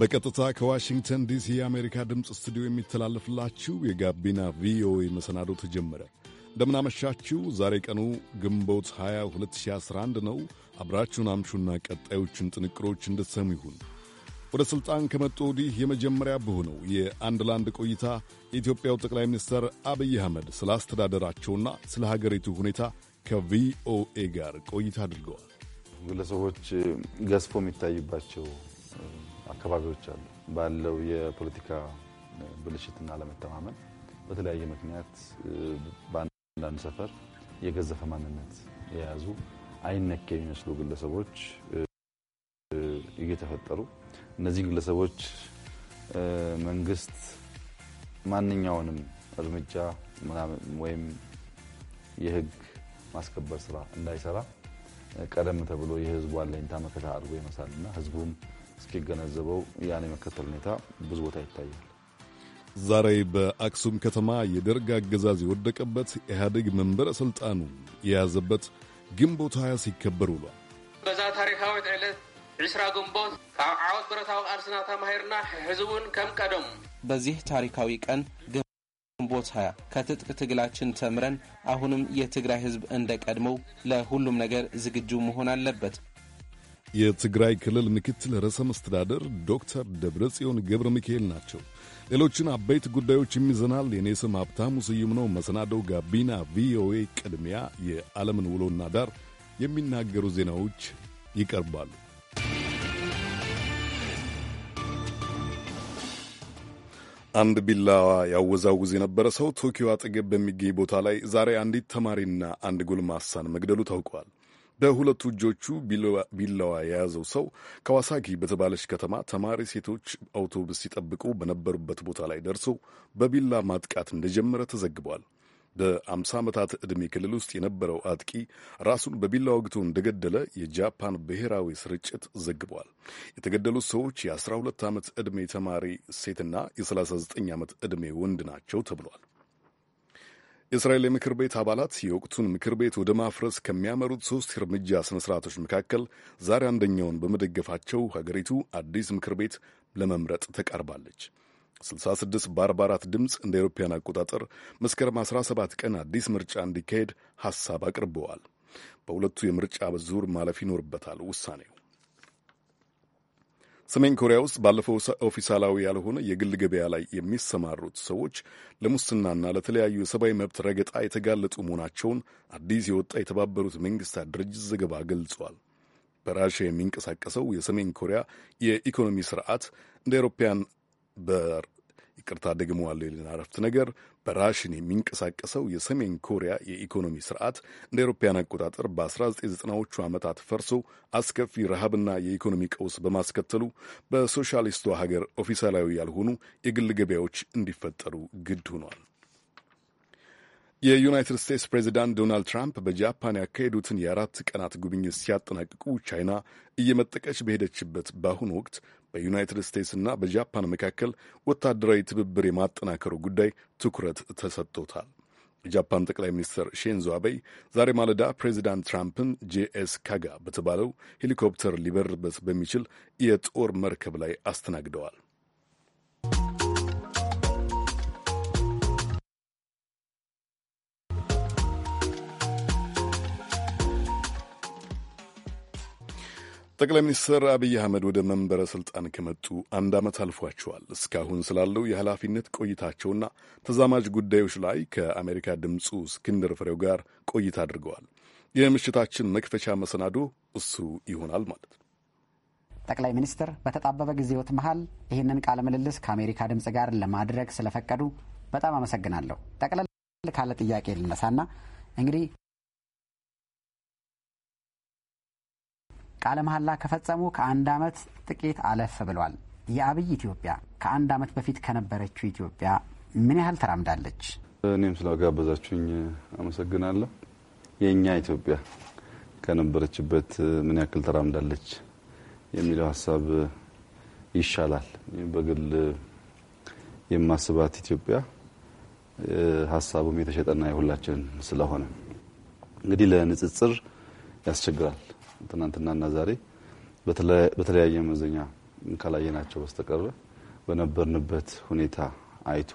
በቀጥታ ከዋሽንግተን ዲሲ የአሜሪካ ድምፅ ስቱዲዮ የሚተላለፍላችሁ የጋቢና ቪኦኤ መሰናዶ ተጀመረ። እንደምናመሻችሁ። ዛሬ ቀኑ ግንቦት 20 2011 ነው። አብራችሁን አምሹና ቀጣዮቹን ጥንቅሮች እንድትሰሙ ይሁን። ወደ ሥልጣን ከመጡ ወዲህ የመጀመሪያ በሆነው የአንድ ለአንድ ቆይታ የኢትዮጵያው ጠቅላይ ሚኒስትር አብይ አህመድ ስለ አስተዳደራቸውና ስለ ሀገሪቱ ሁኔታ ከቪኦኤ ጋር ቆይታ አድርገዋል። ግለሰቦች ገዝፎ የሚታዩባቸው አካባቢዎች አሉ። ባለው የፖለቲካ ብልሽትና አለመተማመን በተለያየ ምክንያት በአንዳንድ ሰፈር የገዘፈ ማንነት የያዙ አይነኬ የሚመስሉ ግለሰቦች እየተፈጠሩ እነዚህ ግለሰቦች መንግስት ማንኛውንም እርምጃ ወይም የህግ ማስከበር ስራ እንዳይሰራ ቀደም ተብሎ የህዝቡ አለኝታ መከታ አድርጎ ይመሳል ይመሳልና ህዝቡም እስኪገነዘበው ያን የመከተል ሁኔታ ብዙ ቦታ ይታያል። ዛሬ በአክሱም ከተማ የደርግ አገዛዝ የወደቀበት ኢህአዴግ መንበረ ሥልጣኑ የያዘበት ግንቦት ሃያ ሲከበር ውሏል። በዛ ታሪካዊት ዕለት ዒስራ ግንቦት ካብ ዓወት ብረታዊ ቃልስናታ ማሂርና ህዝቡን ከም ቀደሙ በዚህ ታሪካዊ ቀን ግንቦት 20 ከትጥቅ ትግላችን ተምረን አሁንም የትግራይ ህዝብ እንደ ቀድሞው ለሁሉም ነገር ዝግጁ መሆን አለበት። የትግራይ ክልል ምክትል ርዕሰ መስተዳደር ዶክተር ደብረጽዮን ገብረ ሚካኤል ናቸው። ሌሎችን አበይት ጉዳዮች የሚዘናል። የኔ ስም ሀብታሙ ስዩም ነው። መሰናደው ጋቢና ቪኦኤ ቅድሚያ የዓለምን ውሎና ዳር የሚናገሩ ዜናዎች ይቀርባሉ። አንድ ቢላዋ ያወዛውዝ የነበረ ሰው ቶኪዮ አጠገብ በሚገኝ ቦታ ላይ ዛሬ አንዲት ተማሪና አንድ ጎልማሳን መግደሉ ታውቋል። በሁለቱ እጆቹ ቢላዋ የያዘው ሰው ካዋሳኪ በተባለች ከተማ ተማሪ ሴቶች አውቶቡስ ሲጠብቁ በነበሩበት ቦታ ላይ ደርሶ በቢላ ማጥቃት እንደጀመረ ተዘግቧል። በ50 ዓመታት ዕድሜ ክልል ውስጥ የነበረው አጥቂ ራሱን በቢላ ወግቶ እንደገደለ የጃፓን ብሔራዊ ስርጭት ዘግቧል። የተገደሉት ሰዎች የ12 ዓመት ዕድሜ ተማሪ ሴትና የ39 ዓመት ዕድሜ ወንድ ናቸው ተብሏል። የእስራኤል የምክር ቤት አባላት የወቅቱን ምክር ቤት ወደ ማፍረስ ከሚያመሩት ሶስት እርምጃ ስርዓቶች መካከል ዛሬ አንደኛውን በመደገፋቸው ሀገሪቱ አዲስ ምክር ቤት ለመምረጥ ተቃርባለች። 66 በ44 ድምፅ እንደ አውሮፓውያን አቆጣጠር መስከረም 17 ቀን አዲስ ምርጫ እንዲካሄድ ሐሳብ አቅርበዋል። በሁለቱ የምርጫ ዙር ማለፍ ይኖርበታል ውሳኔው። ሰሜን ኮሪያ ውስጥ ባለፈው ኦፊሳላዊ ያልሆነ የግል ገበያ ላይ የሚሰማሩት ሰዎች ለሙስናና ለተለያዩ የሰብአዊ መብት ረገጣ የተጋለጡ መሆናቸውን አዲስ የወጣ የተባበሩት መንግስታት ድርጅት ዘገባ ገልጿል። በራሽያ የሚንቀሳቀሰው የሰሜን ኮሪያ የኢኮኖሚ ስርዓት እንደ አውሮፓውያን ይቅርታ ደግመዋለሁ የልን አረፍት ነገር በራሽን የሚንቀሳቀሰው የሰሜን ኮሪያ የኢኮኖሚ ስርዓት እንደ አውሮፓውያን አቆጣጠር በ1990ዎቹ ዓመታት ፈርሶ አስከፊ ረሃብና የኢኮኖሚ ቀውስ በማስከተሉ በሶሻሊስቱ ሀገር ኦፊሳላዊ ያልሆኑ የግል ገበያዎች እንዲፈጠሩ ግድ ሆኗል። የዩናይትድ ስቴትስ ፕሬዚዳንት ዶናልድ ትራምፕ በጃፓን ያካሄዱትን የአራት ቀናት ጉብኝት ሲያጠናቅቁ ቻይና እየመጠቀች በሄደችበት በአሁኑ ወቅት በዩናይትድ ስቴትስና በጃፓን መካከል ወታደራዊ ትብብር የማጠናከሩ ጉዳይ ትኩረት ተሰጥቶታል። የጃፓን ጠቅላይ ሚኒስትር ሼንዞ አበይ ዛሬ ማለዳ ፕሬዚዳንት ትራምፕን ጄኤስ ካጋ በተባለው ሄሊኮፕተር ሊበርበት በሚችል የጦር መርከብ ላይ አስተናግደዋል። ጠቅላይ ሚኒስትር አብይ አህመድ ወደ መንበረ ስልጣን ከመጡ አንድ ዓመት አልፏቸዋል። እስካሁን ስላለው የኃላፊነት ቆይታቸውና ተዛማጅ ጉዳዮች ላይ ከአሜሪካ ድምፁ እስክንድር ፍሬው ጋር ቆይታ አድርገዋል። የምሽታችን መክፈቻ መሰናዶ እሱ ይሆናል ማለት ነው። ጠቅላይ ሚኒስትር በተጣበበ ጊዜዎት መሀል ይህንን ቃለ ምልልስ ከአሜሪካ ድምፅ ጋር ለማድረግ ስለፈቀዱ በጣም አመሰግናለሁ። ጠቅለል ካለ ጥያቄ ልነሳና እንግዲህ ቃለ መሐላ ከፈጸሙ ከአንድ ዓመት ጥቂት አለፍ ብሏል። የአብይ ኢትዮጵያ ከአንድ ዓመት በፊት ከነበረችው ኢትዮጵያ ምን ያህል ተራምዳለች? እኔም ስላጋበዛችሁኝ አመሰግናለሁ። የእኛ ኢትዮጵያ ከነበረችበት ምን ያክል ተራምዳለች የሚለው ሀሳብ ይሻላል። በግል የማስባት ኢትዮጵያ ሀሳቡም የተሸጠና የሁላችን ስለሆነ እንግዲህ ለንጽጽር ያስቸግራል። ትናንትናና ዛሬ በተለያየ መመዘኛ ካላየናቸው በስተቀር በነበርንበት ሁኔታ አይቶ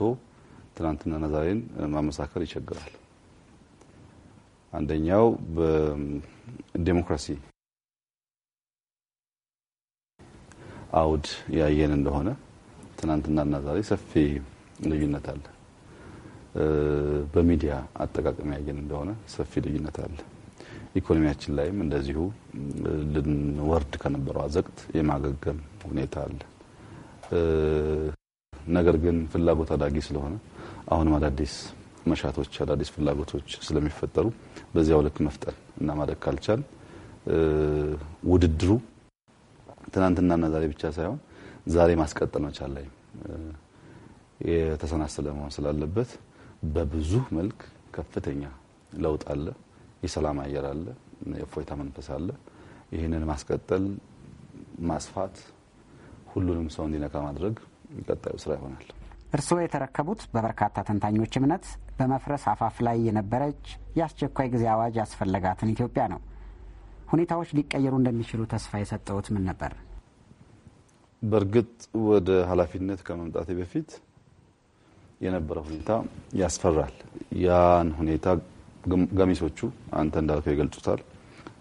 ትናንትናና ዛሬን ማመሳከር ይቸግራል። አንደኛው በዴሞክራሲ አውድ ያየን እንደሆነ ትናንትናና ዛሬ ሰፊ ልዩነት አለ። በሚዲያ አጠቃቀም ያየን እንደሆነ ሰፊ ልዩነት አለ። ኢኮኖሚያችን ላይም እንደዚሁ ልንወርድ ከነበረው አዘቅት የማገገም ሁኔታ አለ። ነገር ግን ፍላጎት አዳጊ ስለሆነ አሁንም አዳዲስ መሻቶች፣ አዳዲስ ፍላጎቶች ስለሚፈጠሩ በዚያው ልክ መፍጠን እና ማደግ ካልቻል ውድድሩ ትናንትናና ዛሬ ብቻ ሳይሆን ዛሬ ማስቀጠል መቻል ላይ የተሰናሰለ መሆን ስላለበት በብዙ መልክ ከፍተኛ ለውጥ አለ። የሰላም አየር አለ፣ የእፎይታ መንፈስ አለ። ይህንን ማስቀጠል ማስፋት ሁሉንም ሰው እንዲነካ ማድረግ ቀጣዩ ስራ ይሆናል። እርስዎ የተረከቡት በበርካታ ተንታኞች እምነት በመፍረስ አፋፍ ላይ የነበረች የአስቸኳይ ጊዜ አዋጅ ያስፈለጋትን ኢትዮጵያ ነው። ሁኔታዎች ሊቀየሩ እንደሚችሉ ተስፋ የሰጠውት ምን ነበር? በእርግጥ ወደ ኃላፊነት ከመምጣቴ በፊት የነበረ ሁኔታ ያስፈራል። ያን ሁኔታ ገሚሶቹ አንተ እንዳልከው ይገልጹታል።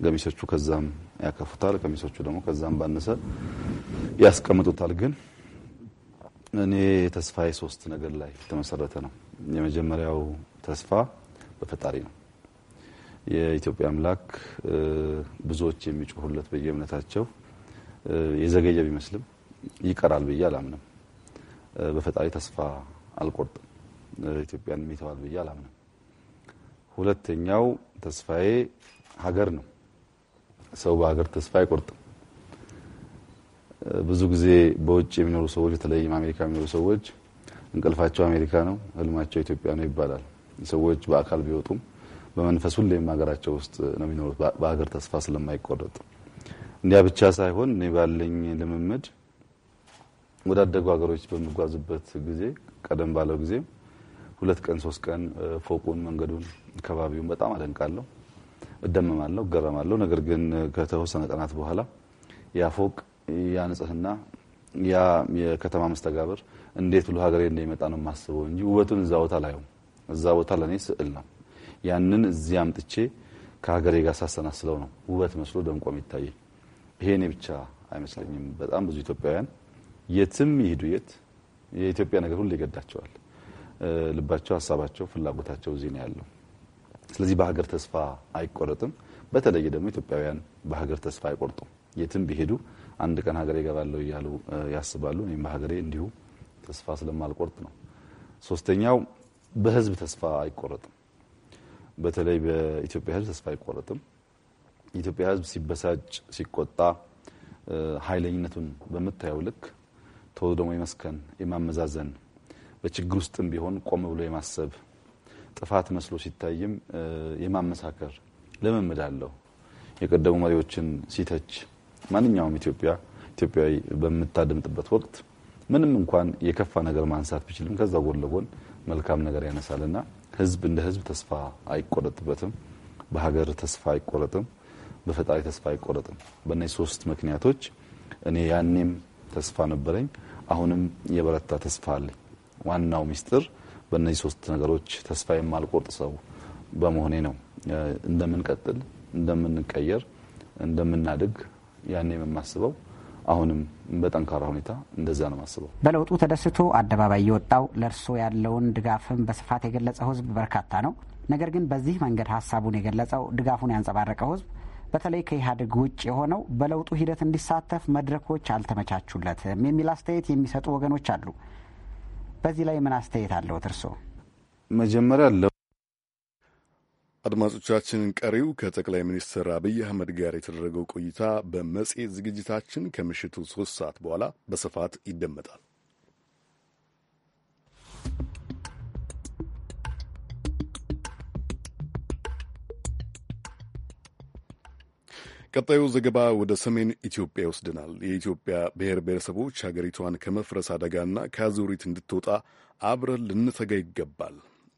ገሚሶቹ ከዛም ያከፉታል። ገሚሶቹ ደግሞ ከዛም ባነሰ ያስቀምጡታል። ግን እኔ ተስፋዬ ሶስት ነገር ላይ የተመሰረተ ነው። የመጀመሪያው ተስፋ በፈጣሪ ነው። የኢትዮጵያ አምላክ ብዙዎች የሚጮሁለት በየእምነታቸው የዘገየ ቢመስልም ይቀራል ብዬ አላምንም። በፈጣሪ ተስፋ አልቆርጥም። ኢትዮጵያን የሚተዋል ብዬ አላምንም። ሁለተኛው ተስፋዬ ሀገር ነው። ሰው በሀገር ተስፋ አይቆርጥም። ብዙ ጊዜ በውጭ የሚኖሩ ሰዎች በተለይም አሜሪካ የሚኖሩ ሰዎች እንቅልፋቸው አሜሪካ ነው፣ ህልማቸው ኢትዮጵያ ነው ይባላል። ሰዎች በአካል ቢወጡም በመንፈስ ሁሌም ሀገራቸው ውስጥ ነው የሚኖሩት በሀገር ተስፋ ስለማይቆረጥ። እንዲያ ብቻ ሳይሆን እኔ ባለኝ ልምምድ ወዳደጉ ሀገሮች በምጓዝበት ጊዜ ቀደም ባለው ጊዜ ሁለት ቀን ሶስት ቀን ፎቁን፣ መንገዱን፣ ከባቢውን በጣም አደንቃለሁ፣ እደመማለሁ፣ እገረማለሁ። ነገር ግን ከተወሰነ ቀናት በኋላ ያ ፎቅ ያ ንጽህና ያ የከተማ መስተጋብር እንዴት ብሎ ሀገሬ እንደሚመጣ ነው የማስበው እንጂ ውበቱን እዛ ቦታ ላይሆን እዛ ቦታ ለእኔ ስዕል ነው። ያንን እዚህ አምጥቼ ከሀገሬ ጋር ሳሰናስለው ነው ውበት መስሎ ደምቆ የሚታየኝ። ይሄ እኔ ብቻ አይመስለኝም። በጣም ብዙ ኢትዮጵያውያን የትም ይሄዱ የት የኢትዮጵያ ነገር ሁሉ ይገዳቸዋል። ልባቸው፣ ሀሳባቸው፣ ፍላጎታቸው እዚህ ነው ያለው። ስለዚህ በሀገር ተስፋ አይቆረጥም። በተለይ ደግሞ ኢትዮጵያውያን በሀገር ተስፋ አይቆርጡም። የትም ቢሄዱ አንድ ቀን ሀገሬ እገባለሁ እያሉ ያስባሉ። እኔም በሀገሬ እንዲሁ ተስፋ ስለማልቆርጥ ነው። ሶስተኛው በህዝብ ተስፋ አይቆረጥም። በተለይ በኢትዮጵያ ህዝብ ተስፋ አይቆረጥም። የኢትዮጵያ ህዝብ ሲበሳጭ፣ ሲቆጣ ኃይለኝነቱን በምታየው ልክ ቶሎ ደግሞ የመስከን የማመዛዘን በችግር ውስጥም ቢሆን ቆም ብሎ የማሰብ ጥፋት መስሎ ሲታይም የማመሳከር ልምምድ አለው። የቀደሙ መሪዎችን ሲተች ማንኛውም ኢትዮጵያ ኢትዮጵያዊ በምታደምጥበት ወቅት ምንም እንኳን የከፋ ነገር ማንሳት ቢችልም ከዛ ጎን ለጎን መልካም ነገር ያነሳልና ህዝብ እንደ ህዝብ ተስፋ አይቆረጥበትም። በሀገር ተስፋ አይቆረጥም። በፈጣሪ ተስፋ አይቆረጥም። በእነዚህ ሶስት ምክንያቶች እኔ ያኔም ተስፋ ነበረኝ፣ አሁንም የበረታ ተስፋ አለኝ። ዋናው ሚስጥር በእነዚህ ሶስት ነገሮች ተስፋ የማልቆርጥ ሰው በመሆኔ ነው። እንደምንቀጥል፣ እንደምንቀየር፣ እንደምናድግ ያኔ የማስበው አሁንም በጠንካራ ሁኔታ እንደዛ ነው ማስበው። በለውጡ ተደስቶ አደባባይ የወጣው ለእርሶ ያለውን ድጋፍም በስፋት የገለጸው ህዝብ በርካታ ነው። ነገር ግን በዚህ መንገድ ሀሳቡን የገለጸው ድጋፉን ያንጸባረቀው ህዝብ በተለይ ከኢህአዴግ ውጭ የሆነው በለውጡ ሂደት እንዲሳተፍ መድረኮች አልተመቻቹለትም የሚል አስተያየት የሚሰጡ ወገኖች አሉ። በዚህ ላይ ምን አስተያየት አለዎት እርስዎ? መጀመሪያ አለው አድማጮቻችን ቀሪው ከጠቅላይ ሚኒስትር አብይ አህመድ ጋር የተደረገው ቆይታ በመጽሔት ዝግጅታችን ከምሽቱ ሶስት ሰዓት በኋላ በስፋት ይደመጣል። ቀጣዩ ዘገባ ወደ ሰሜን ኢትዮጵያ ይወስድናል። የኢትዮጵያ ብሔር ብሔረሰቦች ሀገሪቷን ከመፍረስ አደጋና ከአዙሪት እንድትወጣ አብረን ልንተጋ ይገባል።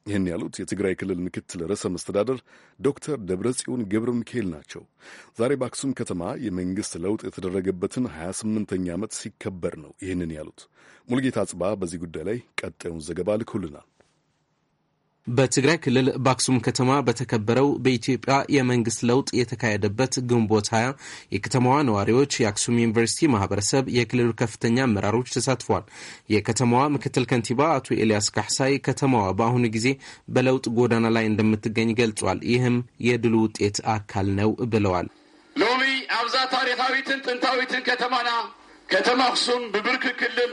ይህን ያሉት የትግራይ ክልል ምክትል ርዕሰ መስተዳደር ዶክተር ደብረጽዮን ገብረ ሚካኤል ናቸው። ዛሬ በአክሱም ከተማ የመንግሥት ለውጥ የተደረገበትን 28ኛ ዓመት ሲከበር ነው ይህንን ያሉት። ሙልጌታ ጽባ በዚህ ጉዳይ ላይ ቀጣዩን ዘገባ ልኮልናል። በትግራይ ክልል በአክሱም ከተማ በተከበረው በኢትዮጵያ የመንግስት ለውጥ የተካሄደበት ግንቦት ሀያ የከተማዋ ነዋሪዎች፣ የአክሱም ዩኒቨርሲቲ ማህበረሰብ፣ የክልሉ ከፍተኛ አመራሮች ተሳትፏል። የከተማዋ ምክትል ከንቲባ አቶ ኤልያስ ካሕሳይ ከተማዋ በአሁኑ ጊዜ በለውጥ ጎዳና ላይ እንደምትገኝ ገልጿል። ይህም የድሉ ውጤት አካል ነው ብለዋል። ሎሚ አብዛ ታሪካዊትን ጥንታዊትን ከተማና ከተማ አክሱም ብብርክ ክልል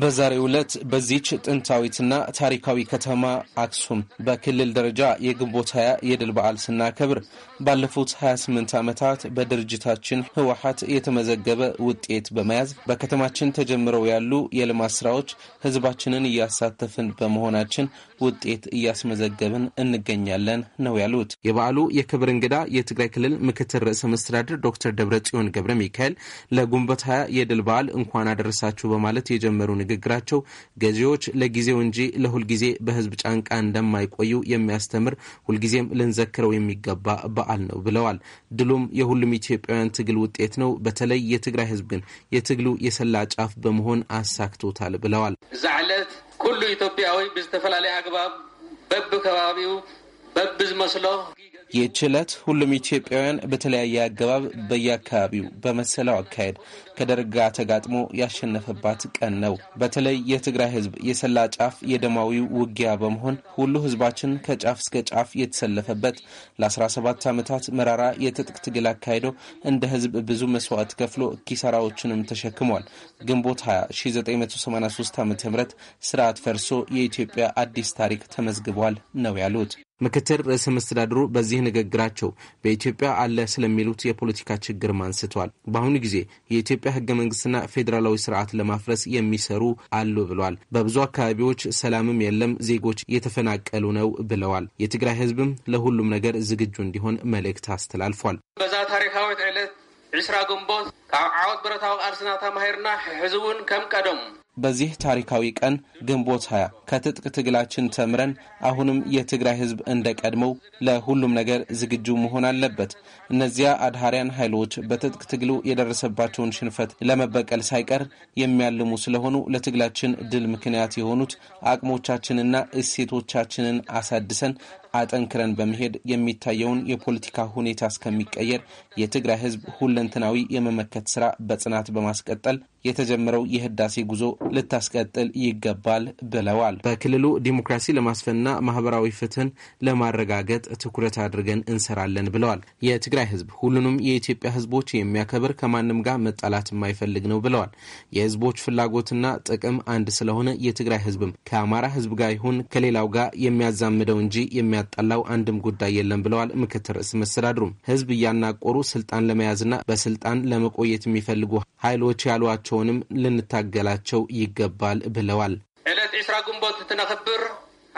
በዛሬው ዕለት በዚች ጥንታዊትና ታሪካዊ ከተማ አክሱም በክልል ደረጃ የግንቦት 20 የድል በዓል ስናከብር ባለፉት 28 ዓመታት በድርጅታችን ህወሓት የተመዘገበ ውጤት በመያዝ በከተማችን ተጀምረው ያሉ የልማት ስራዎች ህዝባችንን እያሳተፍን በመሆናችን ውጤት እያስመዘገብን እንገኛለን ነው ያሉት። የበዓሉ የክብር እንግዳ የትግራይ ክልል ምክትል ርዕሰ መስተዳድር ዶክተር ደብረ ጽዮን ገብረ ሚካኤል ለጉንበት ሀያ የድል በዓል እንኳን አደረሳችሁ በማለት የጀመሩ ንግግራቸው ገዢዎች ለጊዜው እንጂ ለሁልጊዜ በህዝብ ጫንቃ እንደማይቆዩ የሚያስተምር ሁልጊዜም ልንዘክረው የሚገባ በዓል ነው ብለዋል። ድሉም የሁሉም ኢትዮጵያውያን ትግል ውጤት ነው። በተለይ የትግራይ ህዝብ ግን የትግሉ የሰላ ጫፍ በመሆን አሳክቶታል ብለዋል። እዛ ዕለት ኩሉ ኢትዮጵያዊ ብዝተፈላለየ ኣግባብ በብ ከባቢኡ በብ ዝመስሎ ይህች ዕለት ሁሉም ኢትዮጵያውያን በተለያየ አገባብ በየአካባቢው በመሰለው አካሄድ ከደርግ ጋር ተጋጥሞ ያሸነፈባት ቀን ነው። በተለይ የትግራይ ህዝብ የሰላ ጫፍ የደማዊው ውጊያ በመሆን ሁሉ ህዝባችን ከጫፍ እስከ ጫፍ የተሰለፈበት ለ17 ዓመታት መራራ የትጥቅ ትግል አካሄደው እንደ ህዝብ ብዙ መስዋዕት ከፍሎ ኪሳራዎችንም ተሸክሟል። ግንቦት 20 1983 ዓ ም ስርዓት ፈርሶ የኢትዮጵያ አዲስ ታሪክ ተመዝግቧል ነው ያሉት። ምክትል ርዕሰ መስተዳድሩ በዚህ ንግግራቸው በኢትዮጵያ አለ ስለሚሉት የፖለቲካ ችግርም አንስተዋል። በአሁኑ ጊዜ የኢትዮጵያ ህገ መንግስትና ፌዴራላዊ ስርዓት ለማፍረስ የሚሰሩ አሉ ብለዋል። በብዙ አካባቢዎች ሰላምም የለም፣ ዜጎች የተፈናቀሉ ነው ብለዋል። የትግራይ ህዝብም ለሁሉም ነገር ዝግጁ እንዲሆን መልእክት አስተላልፏል። በዛ ታሪካዊት ዕለት ዕስራ ግንቦት ካብ ዓወት ብረታዊ ቃልስና ተማሂርና ህዝቡን ከም ቀደም በዚህ ታሪካዊ ቀን ግንቦት 20 ከትጥቅ ትግላችን ተምረን አሁንም የትግራይ ህዝብ እንደ ቀድሞው ለሁሉም ነገር ዝግጁ መሆን አለበት። እነዚያ አድሃሪያን ኃይሎች በትጥቅ ትግሉ የደረሰባቸውን ሽንፈት ለመበቀል ሳይቀር የሚያልሙ ስለሆኑ ለትግላችን ድል ምክንያት የሆኑት አቅሞቻችንና እሴቶቻችንን አሳድሰን አጠንክረን በመሄድ የሚታየውን የፖለቲካ ሁኔታ እስከሚቀየር የትግራይ ህዝብ ሁለንትናዊ የመመከት ስራ በጽናት በማስቀጠል የተጀመረው የህዳሴ ጉዞ ልታስቀጥል ይገባል ብለዋል። በክልሉ ዲሞክራሲ ለማስፈንና ማህበራዊ ፍትህን ለማረጋገጥ ትኩረት አድርገን እንሰራለን ብለዋል። የትግራይ ህዝብ ሁሉንም የኢትዮጵያ ህዝቦች የሚያከብር ከማንም ጋር መጣላት የማይፈልግ ነው ብለዋል። የህዝቦች ፍላጎትና ጥቅም አንድ ስለሆነ የትግራይ ህዝብም ከአማራ ህዝብ ጋር ይሁን ከሌላው ጋር የሚያዛምደው እንጂ የሚያ የሚያጣላው አንድም ጉዳይ የለም ብለዋል ምክትል ርዕሰ መስተዳድሩ። ህዝብ እያናቆሩ ስልጣን ለመያዝና በስልጣን ለመቆየት የሚፈልጉ ኃይሎች ያሏቸውንም ልንታገላቸው ይገባል ብለዋል። ዕለት ዒስራ ግንቦት እትነኽብር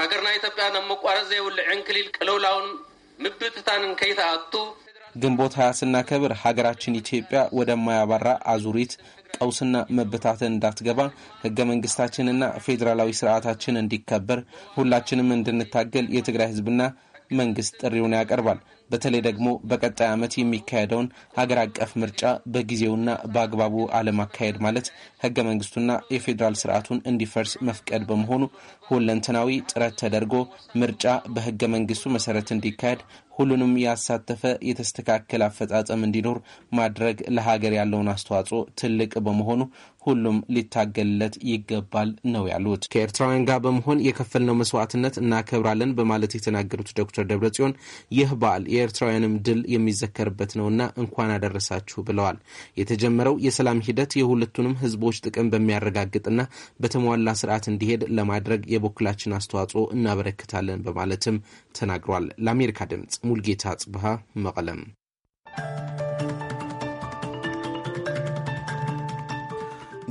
ሃገርና ኢትዮጵያ ናብ መቋረፅ ዘይብሉ ዕንክሊል ቅልውላውን ምብትታንን ከይተኣቱ ግንቦት ሀያ ስናከብር ሀገራችን ኢትዮጵያ ወደማያባራ አዙሪት ቀውስና መበታተን እንዳትገባ ህገ መንግስታችንና ፌዴራላዊ ስርዓታችን እንዲከበር ሁላችንም እንድንታገል የትግራይ ህዝብና መንግስት ጥሪውን ያቀርባል። በተለይ ደግሞ በቀጣይ ዓመት የሚካሄደውን ሀገር አቀፍ ምርጫ በጊዜውና በአግባቡ አለማካሄድ ማለት ህገ መንግስቱና የፌዴራል ስርዓቱን እንዲፈርስ መፍቀድ በመሆኑ ሁለንተናዊ ጥረት ተደርጎ ምርጫ በህገ መንግስቱ መሰረት እንዲካሄድ ሁሉንም ያሳተፈ የተስተካከለ አፈጻጸም እንዲኖር ማድረግ ለሀገር ያለውን አስተዋጽኦ ትልቅ በመሆኑ ሁሉም ሊታገልለት ይገባል ነው ያሉት። ከኤርትራውያን ጋር በመሆን የከፈልነው መስዋዕትነት እናከብራለን በማለት የተናገሩት ዶክተር ደብረጽዮን ይህ በዓል የኤርትራውያንም ድል የሚዘከርበት ነውና እንኳን አደረሳችሁ ብለዋል። የተጀመረው የሰላም ሂደት የሁለቱንም ህዝቦች ጥቅም በሚያረጋግጥና በተሟላ ስርዓት እንዲሄድ ለማድረግ የበኩላችን አስተዋጽኦ እናበረክታለን በማለትም ተናግሯል። ለአሜሪካ ድምፅ ሙልጌታ ጽብሃ መቀለም።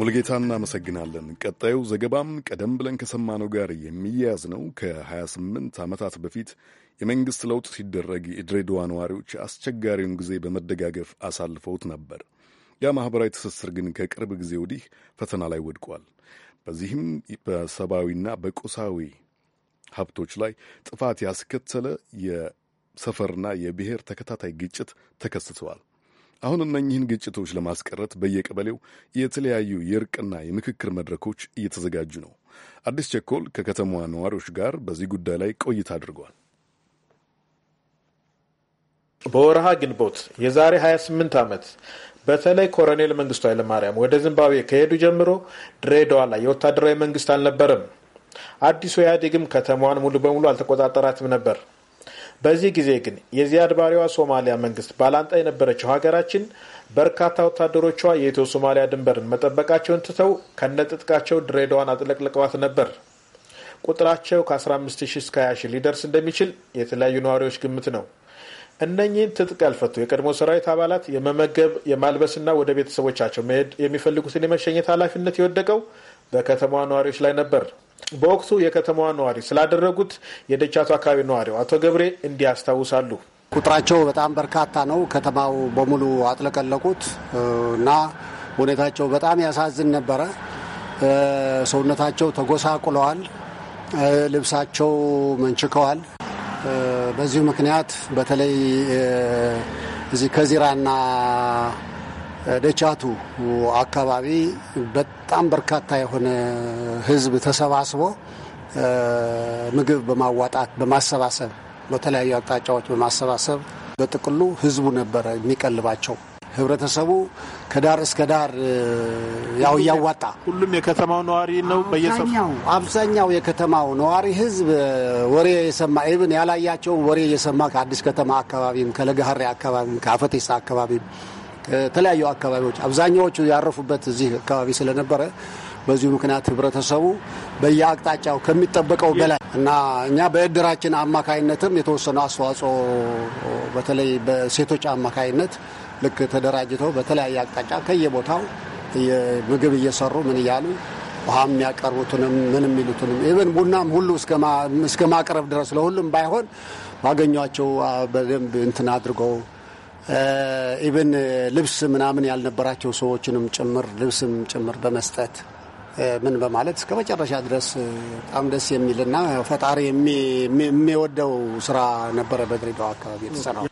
ሙልጌታ እናመሰግናለን። ቀጣዩ ዘገባም ቀደም ብለን ከሰማነው ጋር የሚያያዝ ነው። ከ28 ዓመታት በፊት የመንግሥት ለውጥ ሲደረግ የድሬዳዋ ነዋሪዎች አስቸጋሪውን ጊዜ በመደጋገፍ አሳልፈውት ነበር። ያ ማኅበራዊ ትስስር ግን ከቅርብ ጊዜ ወዲህ ፈተና ላይ ወድቋል። በዚህም በሰብአዊና በቁሳዊ ሀብቶች ላይ ጥፋት ያስከተለ የሰፈርና የብሔር ተከታታይ ግጭት ተከስተዋል። አሁን እነኚህን ግጭቶች ለማስቀረት በየቀበሌው የተለያዩ የእርቅና የምክክር መድረኮች እየተዘጋጁ ነው። አዲስ ቸኮል ከከተማዋ ነዋሪዎች ጋር በዚህ ጉዳይ ላይ ቆይታ አድርጓል። በወረሃ ግንቦት የዛሬ 28 ዓመት በተለይ ኮሎኔል መንግስቱ ኃይለማርያም ወደ ዚምባብዌ ከሄዱ ጀምሮ ድሬዳዋ ላይ የወታደራዊ መንግስት አልነበረም። አዲሱ ኢህአዴግም ከተማዋን ሙሉ በሙሉ አልተቆጣጠራትም ነበር። በዚህ ጊዜ ግን የዚያድ ባሬዋ ሶማሊያ መንግስት ባላንጣ የነበረችው ሀገራችን በርካታ ወታደሮቿ የኢትዮ ሶማሊያ ድንበርን መጠበቃቸውን ትተው ከነጥጥቃቸው ድሬዳዋን አጥለቅልቀዋት ነበር። ቁጥራቸው ከ15 ሺህ እስከ 20 ሺህ ሊደርስ እንደሚችል የተለያዩ ነዋሪዎች ግምት ነው። እነኚህን ትጥቅ ያልፈቱ የቀድሞ ሰራዊት አባላት የመመገብ የማልበስና ወደ ቤተሰቦቻቸው መሄድ የሚፈልጉትን የመሸኘት ኃላፊነት የወደቀው በከተማዋ ነዋሪዎች ላይ ነበር። በወቅቱ የከተማዋ ነዋሪ ስላደረጉት የደቻቱ አካባቢ ነዋሪው አቶ ገብሬ እንዲህ ያስታውሳሉ። ቁጥራቸው በጣም በርካታ ነው። ከተማው በሙሉ አጥለቀለቁት እና ሁኔታቸው በጣም ያሳዝን ነበረ። ሰውነታቸው ተጎሳቁለዋል። ልብሳቸው መንችከዋል። በዚሁ ምክንያት በተለይ እዚህ ከዚራና ደቻቱ አካባቢ በጣም በርካታ የሆነ ሕዝብ ተሰባስቦ ምግብ በማዋጣት በማሰባሰብ በተለያዩ አቅጣጫዎች በማሰባሰብ በጥቅሉ ሕዝቡ ነበረ የሚቀልባቸው። ህብረተሰቡ ከዳር እስከ ዳር ያው እያዋጣ ሁሉም የከተማው ነዋሪ ነው። አብዛኛው የከተማው ነዋሪ ህዝብ ወሬ የሰማ ኢብን ያላያቸውን ወሬ የሰማ ከአዲስ ከተማ አካባቢም ከለጋሀሬ አካባቢም ከአፈቴሳ አካባቢም ከተለያዩ አካባቢዎች አብዛኛዎቹ ያረፉበት እዚህ አካባቢ ስለነበረ በዚሁ ምክንያት ህብረተሰቡ በየአቅጣጫው ከሚጠበቀው በላይ እና እኛ በእድራችን አማካይነትም የተወሰነ አስተዋጽኦ በተለይ በሴቶች አማካይነት ልክ ተደራጅተው በተለያየ አቅጣጫ ከየቦታው ምግብ እየሰሩ ምን እያሉ ውሃም ያቀርቡትንም ምን የሚሉትንም ኢቨን ቡናም ሁሉ እስከ ማቅረብ ድረስ ለሁሉም ባይሆን ባገኟቸው በደንብ እንትን አድርገው ኢቨን ልብስ ምናምን ያልነበራቸው ሰዎችንም ጭምር ልብስም ጭምር በመስጠት ምን በማለት እስከ መጨረሻ ድረስ በጣም ደስ የሚልና ፈጣሪ የሚወደው ስራ ነበረ በድሬዳዋ አካባቢ የተሰራው።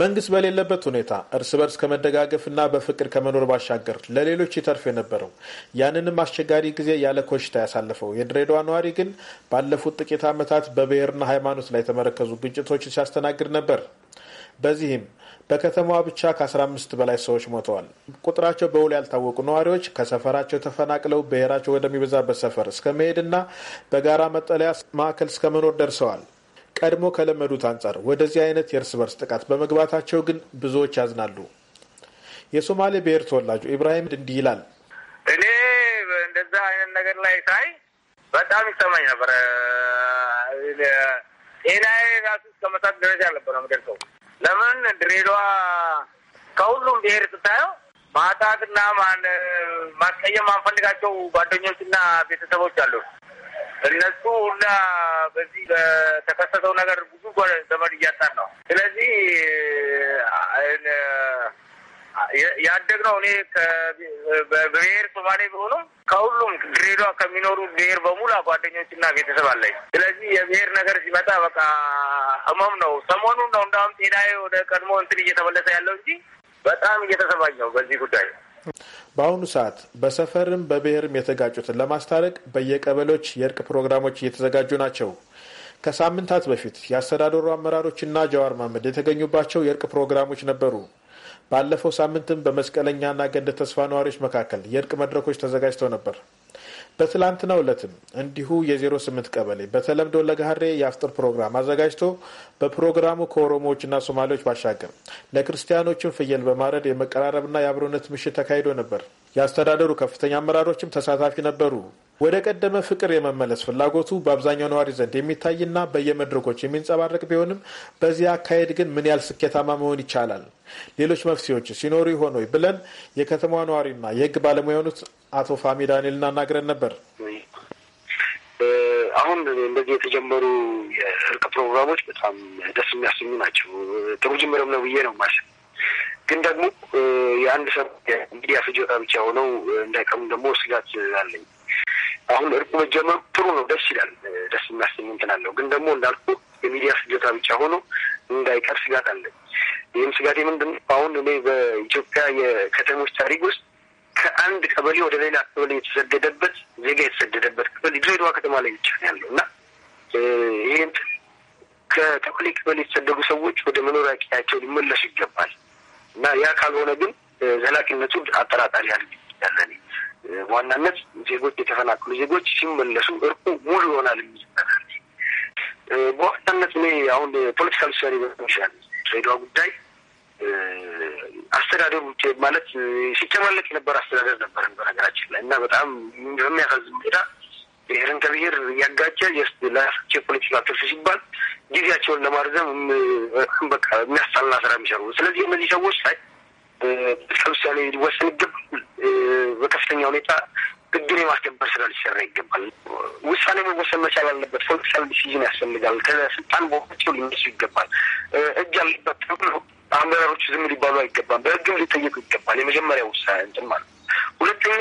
መንግስት በሌለበት ሁኔታ እርስ በርስ ከመደጋገፍና በፍቅር ከመኖር ባሻገር ለሌሎች ይተርፍ የነበረው ያንንም አስቸጋሪ ጊዜ ያለ ኮሽታ ያሳለፈው የድሬዳዋ ነዋሪ ግን ባለፉት ጥቂት ዓመታት በብሔርና ሃይማኖት ላይ የተመረከዙ ግጭቶችን ሲያስተናግድ ነበር። በዚህም በከተማዋ ብቻ ከ15 በላይ ሰዎች ሞተዋል። ቁጥራቸው በውል ያልታወቁ ነዋሪዎች ከሰፈራቸው ተፈናቅለው ብሔራቸው ወደሚበዛበት ሰፈር እስከ መሄድና በጋራ መጠለያ ማዕከል እስከ መኖር ደርሰዋል። ቀድሞ ከለመዱት አንጻር ወደዚህ አይነት የእርስ በርስ ጥቃት በመግባታቸው ግን ብዙዎች ያዝናሉ። የሶማሌ ብሔር ተወላጁ ኢብራሂም እንዲህ ይላል። እኔ እንደዛ አይነት ነገር ላይ ሳይ በጣም ይሰማኝ ነበረ። ጤናዬ ራሱ እስከመሳት ደረጃ ያለበት ነው የምደርሰው። ለምን ድሬዳዋ ከሁሉም ብሔር ስታየው ማጣትና ማስቀየም ማንፈልጋቸው ጓደኞችና ቤተሰቦች አሉ። እነሱ እና በዚህ በተከሰተው ነገር ብዙ ዘመድ እያጣን ነው። ስለዚህ ያደግነው እኔ በብሔር ሶማሌ ቢሆኑም ከሁሉም ድሬዳዋ ከሚኖሩ ብሔር በሙሉ ጓደኞችና ቤተሰብ አለኝ። ስለዚህ የብሔር ነገር ሲመጣ በቃ ህመም ነው። ሰሞኑን ነው እንዳውም ጤናዬ ወደ ቀድሞ እንትን እየተመለሰ ያለው እንጂ በጣም እየተሰማኝ ነው በዚህ ጉዳይ በአሁኑ ሰዓት በሰፈርም በብሔርም የተጋጩትን ለማስታረቅ በየቀበሌዎች የእርቅ ፕሮግራሞች እየተዘጋጁ ናቸው። ከሳምንታት በፊት የአስተዳደሩ አመራሮችና ጀዋር መሀመድ የተገኙባቸው የእርቅ ፕሮግራሞች ነበሩ። ባለፈው ሳምንትም በመስቀለኛና ገንደ ተስፋ ነዋሪዎች መካከል የእርቅ መድረኮች ተዘጋጅተው ነበር። በትላንትናው ዕለትም እንዲሁ የ08 ቀበሌ በተለምዶ ለጋሬ የአፍጥር ፕሮግራም አዘጋጅቶ በፕሮግራሙ ከኦሮሞዎችና ሶማሌዎች ባሻገር ለክርስቲያኖችን ፍየል በማረድ የመቀራረብና የአብሮነት ምሽት ተካሂዶ ነበር። የአስተዳደሩ ከፍተኛ አመራሮችም ተሳታፊ ነበሩ። ወደ ቀደመ ፍቅር የመመለስ ፍላጎቱ በአብዛኛው ነዋሪ ዘንድ የሚታይና በየመድረኮች የሚንጸባረቅ ቢሆንም በዚህ አካሄድ ግን ምን ያህል ስኬታማ መሆን ይቻላል? ሌሎች መፍትሄዎች ሲኖሩ ይሆን ብለን የከተማዋ ነዋሪና የሕግ ባለሙያ የሆኑት አቶ ፋሚ ዳንኤል እናናግረን ነበር። አሁን እንደዚህ የተጀመሩ የእርቅ ፕሮግራሞች በጣም ደስ የሚያሰኙ ናቸው። ጥሩ ጅምርም ነው ብዬ ነው ማስብ። ግን ደግሞ የአንድ ሰው ሚዲያ ፍጆታ ብቻ ሆነው እንዳይቀሩ ደግሞ ስጋት አለኝ። አሁን እርቁ መጀመሩ ጥሩ ነው፣ ደስ ይላል፣ ደስ የሚያሰኝ እንትን አለው። ግን ደግሞ እንዳልኩ የሚዲያ ፍጆታ ብቻ ሆኖ እንዳይቀር ስጋት አለኝ። ይህም ስጋቴ ምንድን ነው? አሁን እኔ በኢትዮጵያ የከተሞች ታሪክ ውስጥ ከአንድ ቀበሌ ወደ ሌላ ቀበሌ የተሰደደበት ዜጋ የተሰደደበት ክፍል ድሬዳዋ ከተማ ላይ ብቻ ነው ያለው እና ይህን ከቀበሌ ቀበሌ የተሰደዱ ሰዎች ወደ መኖሪያ ቀያቸው ሊመለሱ ይገባል እና ያ ካልሆነ ግን ዘላቂነቱ አጠራጣሪ ያለን ዋናነት ዜጎች የተፈናቀሉ ዜጎች ሲመለሱ እርቁ ሙሉ ይሆናል የሚባል በዋናነት እኔ አሁን ፖለቲካል ውሳኔ በሚሻል ድሬዳዋ ጉዳይ አስተዳደሩ ማለት ሲጨማለቅ የነበረ አስተዳደር ነበር በነገራችን ላይ እና በጣም በሚያሳዝን ሁኔታ ብሔርን ከብሔር እያጋጨ ለራሳቸው የፖለቲካ ትርፍ ሲባል ጊዜያቸውን ለማርዘም በቃ የሚያስጠላ ስራ የሚሰሩ ስለዚህ እነዚህ ሰዎች ላይ ለምሳሌ ሊወሰን ይገባል። በከፍተኛ ሁኔታ ህግን የማስከበር ስራ ሊሰራ ይገባል። ውሳኔ መወሰን መቻል አለበት። ፖለቲካል ዲሲዥን ያስፈልጋል። ከስልጣን ቦታቸው ሊነሱ ይገባል። እጅ አለበት ተብሎ አመራሮች ዝም ሊባሉ አይገባም። በህግም ሊጠየቁ ይገባል። የመጀመሪያ ውሳኔ እንትን ማለት ነው። ሁለተኛ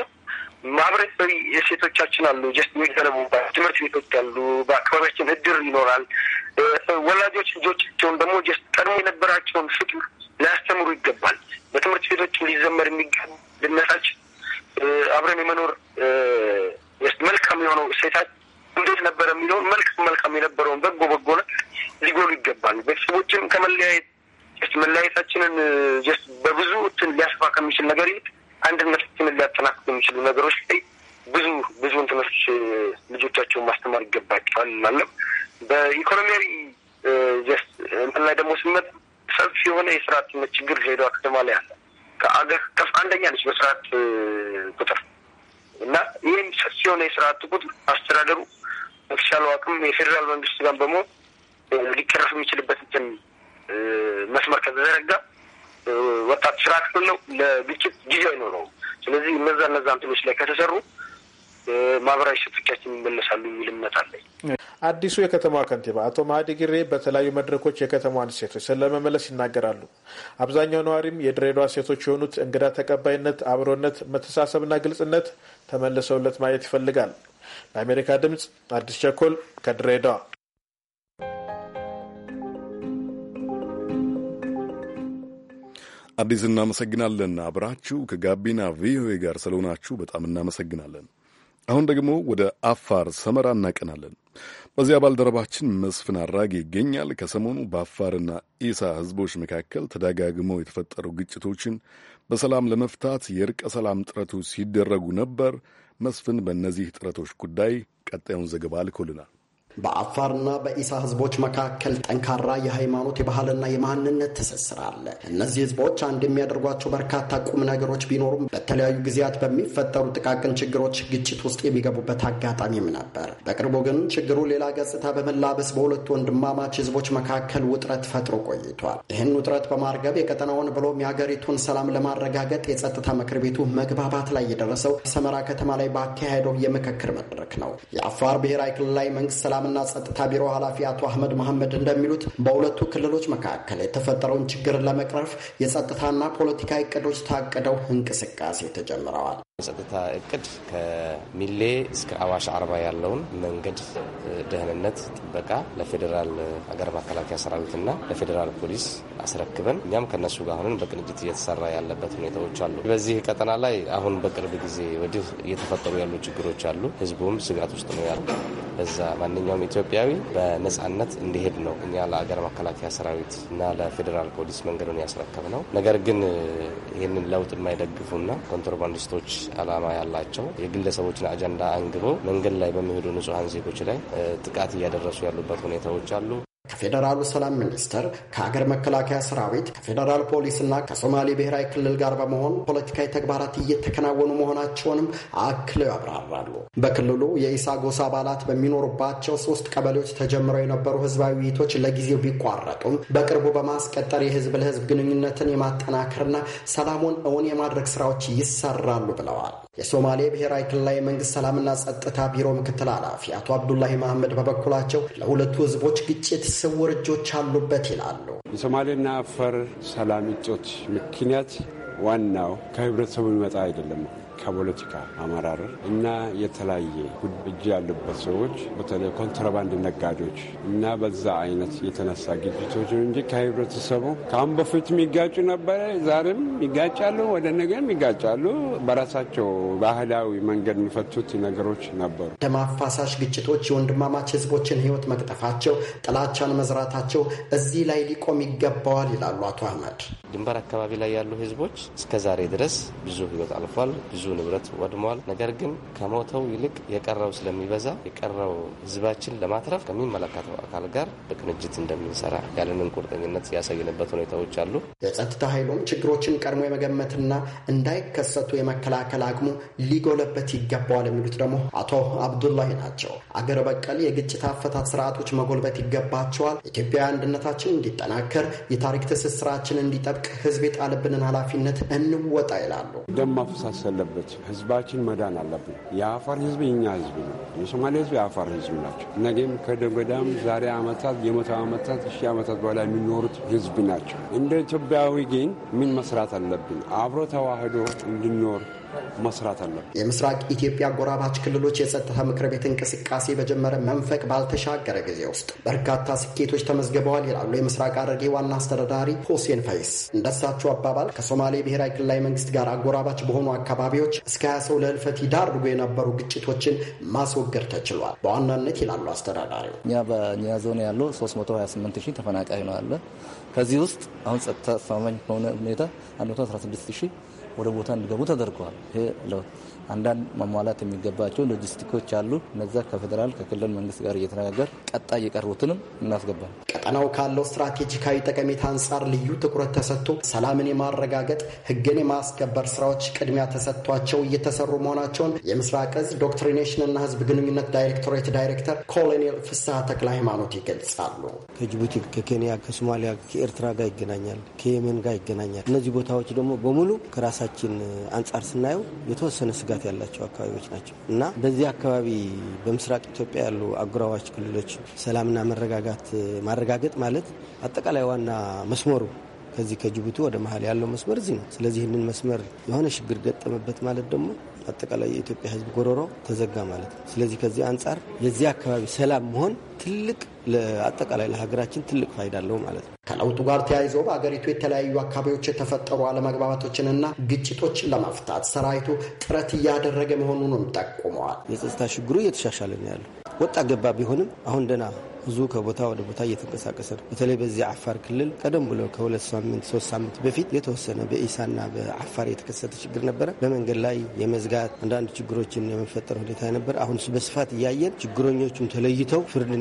ማህበረሰብ የሴቶቻችን አሉ ጀስት የሚገነቡባቸው ትምህርት ቤቶች አሉ። በአካባቢያችን እድር ይኖራል። ወላጆች ልጆቻቸውን ደግሞ ጀስት ቀድሞ የነበራቸውን ፍቅር ሊያስተምሩ ይገባል። በትምህርት ቤቶች ሊዘመር የሚገባ ልነታችን አብረን የመኖር መልካም የሆነው እሴታችን እንዴት ነበረ የሚለውን መልካም መልካም የነበረውን በጎ በጎ ሊጎሉ ይገባል። ቤተሰቦችን ከመለያየት ስ መለያየታችንን ስ በብዙ እንትን ሊያስፋ ከሚችል ነገር ይልቅ አንድነታችንን ሊያጠናክሩ የሚችሉ ነገሮች ላይ ብዙ ብዙ እንትኖች ልጆቻቸውን ማስተማር ይገባቸዋል ማለት በኢኮኖሚያዊ ስ እንትን ላይ ደግሞ ስመጣ ሰፊ የሆነ የስራ አጥነት ችግር ድሬዳዋ ከተማ ላይ አለ። ከአገር ከፍ አንደኛ ነች በስርዓት ቁጥር እና ይህም ሰፊ የሆነ የስርዓት ቁጥር አስተዳደሩ በተሻለው አቅም የፌዴራል መንግስት ጋር በመሆን ሊቀረፍ የሚችልበት እንትን መስመር ከተዘረጋ ወጣት ስራ ክፍል ነው፣ ለግጭት ጊዜ አይኖረውም። ስለዚህ እነዛ እነዛ እንትኖች ላይ ከተሰሩ ማህበራዊ ሴቶቻችን ይመለሳሉ የሚል እምነት አለኝ። አዲሱ የከተማ ከንቲባ አቶ ማህዲ ግሬ በተለያዩ መድረኮች የከተማዋን ሴቶች ስለመመለስ ይናገራሉ። አብዛኛው ነዋሪም የድሬዳዋ ሴቶች የሆኑት እንግዳ ተቀባይነት፣ አብሮነት፣ መተሳሰብና ግልጽነት ተመልሰውለት ማየት ይፈልጋል። ለአሜሪካ ድምጽ አዲስ ቸኮል ከድሬዳዋ አዲስ እናመሰግናለን። አብራችሁ ከጋቢና ቪኦኤ ጋር ስለሆናችሁ በጣም እናመሰግናለን። አሁን ደግሞ ወደ አፋር ሰመራ እናቀናለን። በዚያ ባልደረባችን መስፍን አራጌ ይገኛል። ከሰሞኑ በአፋርና ኢሳ ህዝቦች መካከል ተደጋግመው የተፈጠሩ ግጭቶችን በሰላም ለመፍታት የእርቀ ሰላም ጥረቱ ሲደረጉ ነበር። መስፍን በእነዚህ ጥረቶች ጉዳይ ቀጣዩን ዘገባ ልኮልናል። በአፋርና በኢሳ ህዝቦች መካከል ጠንካራ የሃይማኖት የባህልና የማንነት ትስስር አለ። እነዚህ ህዝቦች አንድ የሚያደርጓቸው በርካታ ቁም ነገሮች ቢኖሩም በተለያዩ ጊዜያት በሚፈጠሩ ጥቃቅን ችግሮች ግጭት ውስጥ የሚገቡበት አጋጣሚም ነበር። በቅርቡ ግን ችግሩ ሌላ ገጽታ በመላበስ በሁለቱ ወንድማማች ህዝቦች መካከል ውጥረት ፈጥሮ ቆይቷል። ይህን ውጥረት በማርገብ የቀጠናውን ብሎም የአገሪቱን ሰላም ለማረጋገጥ የጸጥታ ምክር ቤቱ መግባባት ላይ የደረሰው ሰመራ ከተማ ላይ ባካሄደው የምክክር መድረክ ነው። የአፋር ብሔራዊ ክልላዊ መንግስት ሰላም ሰላምና ጸጥታ ቢሮ ኃላፊ አቶ አህመድ መሐመድ እንደሚሉት በሁለቱ ክልሎች መካከል የተፈጠረውን ችግር ለመቅረፍ የጸጥታና ፖለቲካ እቅዶች ታቅደው እንቅስቃሴ ተጀምረዋል። የጸጥታ እቅድ ከሚሌ እስከ አዋሽ አርባ ያለውን መንገድ ደህንነት ጥበቃ ለፌዴራል ሀገር መከላከያ ሰራዊትና ለፌዴራል ፖሊስ አስረክበን እኛም ከነሱ ጋር አሁንን በቅንጅት እየተሰራ ያለበት ሁኔታዎች አሉ። በዚህ ቀጠና ላይ አሁን በቅርብ ጊዜ ወዲህ እየተፈጠሩ ያሉ ችግሮች አሉ። ህዝቡም ስጋት ውስጥ ነው ያሉ። በዛ ማንኛውም ኢትዮጵያዊ በነጻነት እንዲሄድ ነው እኛ ለአገር መከላከያ ሰራዊት እና ለፌዴራል ፖሊስ መንገዱን ያስረከብ ነው። ነገር ግን ይህንን ለውጥ የማይደግፉና ኮንትሮባንዲስቶች ዓላማ ያላቸው የግለሰቦችን አጀንዳ አንግበው መንገድ ላይ በሚሄዱ ንጹሐን ዜጎች ላይ ጥቃት እያደረሱ ያሉበት ሁኔታዎች አሉ። ከፌዴራሉ ሰላም ሚኒስቴር፣ ከሀገር መከላከያ ሰራዊት፣ ከፌዴራል ፖሊስና ከሶማሌ ብሔራዊ ክልል ጋር በመሆን ፖለቲካዊ ተግባራት እየተከናወኑ መሆናቸውንም አክለው ያብራራሉ። በክልሉ የኢሳ ጎሳ አባላት በሚኖሩባቸው ሶስት ቀበሌዎች ተጀምረው የነበሩ ህዝባዊ ውይይቶች ለጊዜው ቢቋረጡም በቅርቡ በማስቀጠር የህዝብ ለህዝብ ግንኙነትን የማጠናከርና ሰላሙን እውን የማድረግ ስራዎች ይሰራሉ ብለዋል። የሶማሌ ብሔራዊ ክልላዊ መንግስት ሰላምና ጸጥታ ቢሮ ምክትል ኃላፊ አቶ አብዱላሂ መሐመድ በበኩላቸው ለሁለቱ ህዝቦች ግጭት ስውር እጆች አሉበት ይላሉ። የሶማሌና አፋር ሰላም እጦት ምክንያት ዋናው ከህብረተሰቡ ይመጣ አይደለም ከፖለቲካ አመራር እና የተለያየ እጅ ያለበት ሰዎች በተለይ ኮንትራባንድ ነጋዴዎች እና በዛ አይነት የተነሳ ግጭቶች እንጂ ከህብረተሰቡ ከአሁን በፊት የሚጋጩ ነበረ። ዛሬም ይጋጫሉ፣ ወደ ነገም ይጋጫሉ። በራሳቸው ባህላዊ መንገድ የሚፈቱት ነገሮች ነበሩ። ደም አፋሳሽ ግጭቶች የወንድማማች ህዝቦችን ህይወት መቅጠፋቸው፣ ጥላቻን መዝራታቸው እዚህ ላይ ሊቆም ይገባዋል ይላሉ አቶ አህመድ። ድንበር አካባቢ ላይ ያሉ ህዝቦች እስከዛሬ ድረስ ብዙ ህይወት አልፏል። ብዙ ንብረት ወድሟል። ነገር ግን ከሞተው ይልቅ የቀረው ስለሚበዛ የቀረው ህዝባችን ለማትረፍ ከሚመለከተው አካል ጋር በቅንጅት እንደምንሰራ ያለንን ቁርጠኝነት ያሳየንበት ሁኔታዎች አሉ። የጸጥታ ኃይሉም ችግሮችን ቀድሞ የመገመትና እንዳይከሰቱ የመከላከል አቅሙ ሊጎለበት ይገባዋል የሚሉት ደግሞ አቶ አብዱላሂ ናቸው። አገር በቀል የግጭት አፈታት ስርዓቶች መጎልበት ይገባቸዋል። ኢትዮጵያ አንድነታችን እንዲጠናከር፣ የታሪክ ትስስራችን እንዲጠብቅ ህዝብ የጣለብንን ኃላፊነት እንወጣ ይላሉ። ደም ማፍሰስ አለብን። አለበት። ህዝባችን መዳን አለብን። የአፋር ህዝብ የኛ ህዝብ ነው። የሶማሌ ህዝብ የአፋር ህዝብ ናቸው። ነገም ከደጎዳም ዛሬ ዓመታት የመቶ ዓመታት ሺ ዓመታት በኋላ የሚኖሩት ህዝብ ናቸው። እንደ ኢትዮጵያዊ ግን ምን መስራት አለብን? አብሮ ተዋህዶ እንድኖር መስራት አለብን። የምስራቅ ኢትዮጵያ ጎራባች ክልሎች የጸጥታ ምክር ቤት እንቅስቃሴ በጀመረ መንፈቅ ባልተሻገረ ጊዜ ውስጥ በርካታ ስኬቶች ተመዝግበዋል ይላሉ የምስራቅ ሐረርጌ ዋና አስተዳዳሪ ሁሴን ፈይስ። እንደሳቸው አባባል ከሶማሌ ብሔራዊ ክልላዊ መንግስት ጋር አጎራባች በሆኑ አካባቢዎች እስከ ሀያ ሰው ለህልፈት ይዳርጉ የነበሩ ግጭቶችን ማስወገድ ተችሏል። በዋናነት ይላሉ አስተዳዳሪው እኛ በእኛ ዞን ያለው 328 ሺህ ተፈናቃይ ነው አለ። ከዚህ ውስጥ አሁን ጸጥታ አስተማማኝ ከሆነ ሁኔታ 116 ሺህ ወደ ቦታ እንዲገቡ ተደርገዋል። ይሄ ለውጥ አንዳንድ መሟላት የሚገባቸው ሎጂስቲኮች አሉ። እነዛ ከፌዴራል ከክልል መንግስት ጋር እየተነጋገር ቀጣይ የቀርቡትንም እናስገባል። ቀጠናው ካለው ስትራቴጂካዊ ጠቀሜታ አንጻር ልዩ ትኩረት ተሰጥቶ ሰላምን የማረጋገጥ ህግን የማስከበር ስራዎች ቅድሚያ ተሰጥቷቸው እየተሰሩ መሆናቸውን የምስራቅ እዝ ዶክትሪኔሽንና ህዝብ ግንኙነት ዳይሬክቶሬት ዳይሬክተር ኮሎኔል ፍስሐ ተክለ ሃይማኖት ይገልጻሉ። ከጅቡቲ፣ ከኬንያ፣ ከሶማሊያ፣ ከኤርትራ ጋር ይገናኛል፣ ከየመን ጋር ይገናኛል። እነዚህ ቦታዎች ደግሞ በሙሉ ከራሳችን አንጻር ስናየው የተወሰነ ስጋት ብዛት ያላቸው አካባቢዎች ናቸው እና በዚህ አካባቢ በምስራቅ ኢትዮጵያ ያሉ አጎራባች ክልሎች ሰላምና መረጋጋት ማረጋገጥ ማለት አጠቃላይ ዋና መስመሩ ከዚህ ከጅቡቲ ወደ መሀል ያለው መስመር እዚህ ነው። ስለዚህ ይህንን መስመር የሆነ ችግር ገጠመበት ማለት ደግሞ አጠቃላይ የኢትዮጵያ ሕዝብ ጎሮሮ ተዘጋ ማለት ነው። ስለዚህ ከዚህ አንጻር የዚህ አካባቢ ሰላም መሆን ትልቅ ለአጠቃላይ ለሀገራችን ትልቅ ፋይዳ አለው ማለት ነው። ከለውጡ ጋር ተያይዘው በአገሪቱ የተለያዩ አካባቢዎች የተፈጠሩ አለመግባባቶችንና ግጭቶች ለመፍታት ሰራዊቱ ጥረት እያደረገ መሆኑንም ጠቁመዋል። የጸጥታ ችግሩ እየተሻሻለ ነው ያለው። ወጣ ገባ ቢሆንም አሁን ደህና ብዙ ከቦታ ወደ ቦታ እየተንቀሳቀሰ ነው። በተለይ በዚህ አፋር ክልል ቀደም ብሎ ከሁለት ሳምንት ሶስት ሳምንት በፊት የተወሰነ በኢሳና በአፋር የተከሰተ ችግር ነበረ። በመንገድ ላይ የመዝጋት አንዳንድ ችግሮችን የመፈጠር ሁኔታ ነበር። አሁን በስፋት እያየን ችግረኞቹም ተለይተው ፍርድ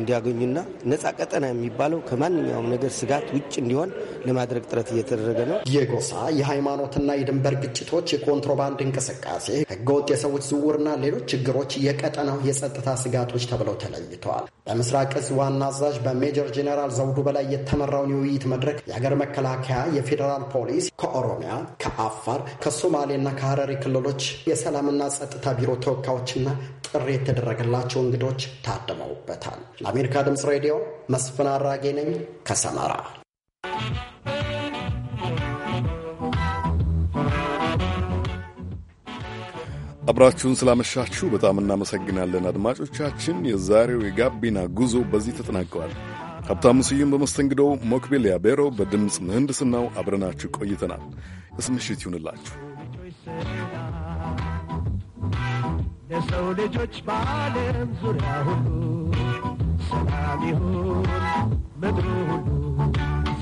እንዲያገኙና ነጻ ቀጠና የሚባለው ከማንኛውም ነገር ስጋት ውጭ እንዲሆን ለማድረግ ጥረት እየተደረገ ነው። የጎሳ የሃይማኖትና የድንበር ግጭቶች፣ የኮንትሮባንድ እንቅስቃሴ፣ ህገወጥ የሰዎች ዝውውርና ሌሎች ችግሮች የቀጠናው የጸጥታ ስጋቶች ተብለው ተለይተዋል። በምስራ ቅዝ ዋና አዛዥ በሜጀር ጄኔራል ዘውዱ በላይ የተመራውን የውይይት መድረክ የሀገር መከላከያ፣ የፌዴራል ፖሊስ ከኦሮሚያ፣ ከአፋር፣ ከሶማሌና ከሀረሪ ክልሎች የሰላምና ጸጥታ ቢሮ ተወካዮችና ጥሪ የተደረገላቸው እንግዶች ታድመውበታል። ለአሜሪካ ድምፅ ሬዲዮ መስፍን አራጌ ነኝ ከሰመራ። አብራችሁን ስላመሻችሁ በጣም እናመሰግናለን አድማጮቻችን። የዛሬው የጋቢና ጉዞ በዚህ ተጠናቀዋል። ሀብታሙ ስዩም በመስተንግዶው፣ ሞክቤል ያቤሮ በድምፅ ምህንድስናው አብረናችሁ ቆይተናል። እስምሽት ይሁንላችሁ። ለሰው ልጆች በዓለም ዙሪያ ሁሉ ሰላም ይሁን ምድሩ ሁሉ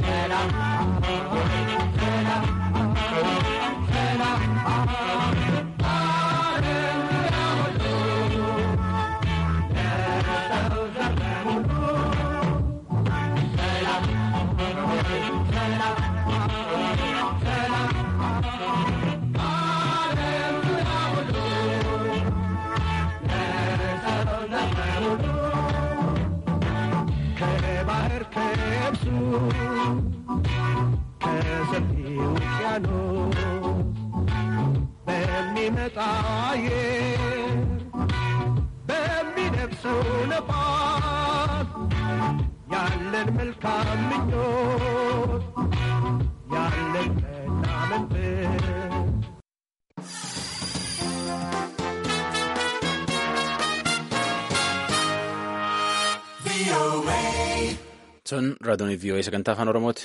ሰላም Adoniz dio, ei se kantaa no ormot